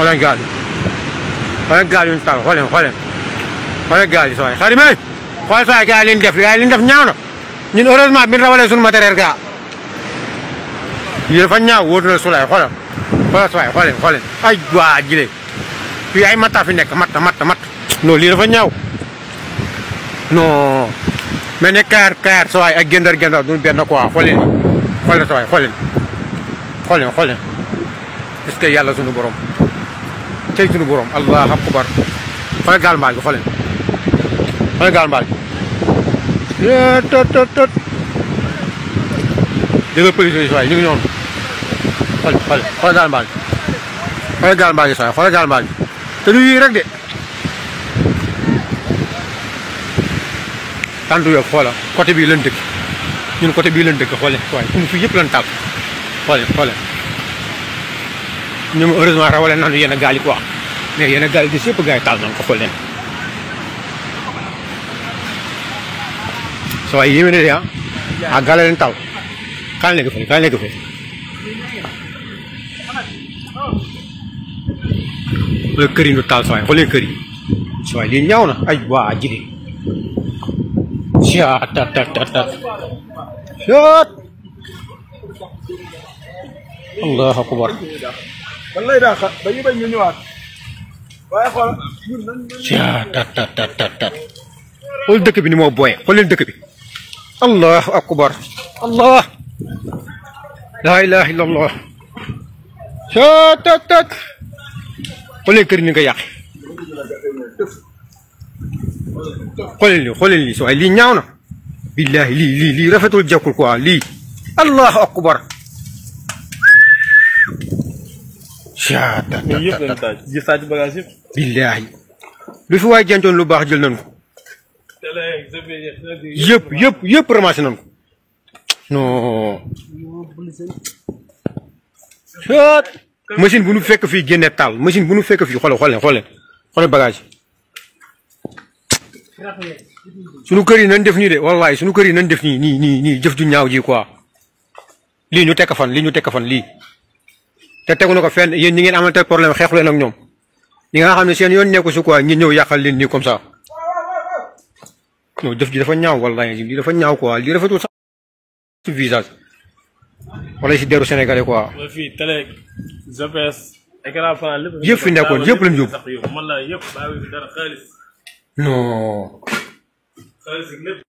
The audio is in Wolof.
xool leen gaal yi xool ñu taal xool leen xool leen xool leen gaal yi sooy xarit may def gars yi li ñu def ñaaw na ñun gaa yii dafa ñaaw wóor na sulaay xoolal xoolal sooy ay waa jile ay matta fi nekk matt matt matt non lii dafa ñaaw non mais kayaar kayaar sooy ak gendar gendar duñ benn quoi xool leen xool leen sooy xool leen xool leen xool leen yàlla suñu borom tey sunu borom allahu akbar fale gaal mbaal gi gaal mbaal gi tot tot ngi ñoon fale fale fale gaal mbaal gi gaal mbaal gi sax gaal mbaal te du yii rek de tantu yo xoola côté bii lan dëkk ñun côté bii lan dëkk xoole waaye suñu fii yëpp lan taal xoole xoole ñoom heureusement rawale nañu yenn ya ya gaal yi quoi mais yenn gaal yi gis yëpp gars yi taal nañ ko xool leen. sa waay yéeme na de ah ah gaal leen taal kañ la ko fay kañ la ko fay. xoolal kër yi ñu taal sa waay xoolal kër yi sa waay lii ñaaw na ay waa ji de. Siat, tat, tat, tat, tat. Siat. Allah Akbar. الله اكبر الله لا اله الا الله شاتاتات قول لي كرني غياك قول لي قول لي سؤال لي نياونا نعم. بالله لي لي لي رفعت الجاكل كوا لي الله اكبر caa da da iya, yëpp lañu taaj ji taaj bagage yëpp. billaahi lu fi waay jentoon lu baax jël nañ ko. yëpp yëpp yëpp ramassé nañ ko. non. caa machine bu nu fekk fii génne taal machine bu nu fekk fii xoolal xoolal xoolal xoolal bagage. suñu kër yi nañ def nii de wallahi suñu kër yi nañ def ni nii nii nii jëf ju ñaaw ji quoi lii ñu tekk fan lii ñu tekk fan lii. te tegu na ko fenn yéen ñi ngeen problème xeexu leen ñoom ñi nga xam ne seen yoon nekku si quoi ñi ñëw yàqal leen nii comme ça non jëf ji dafa ñaaw wallaahi lii dafa ñaaw quoi lii rafetul sax si visage wala si deru Sénégalais quoi.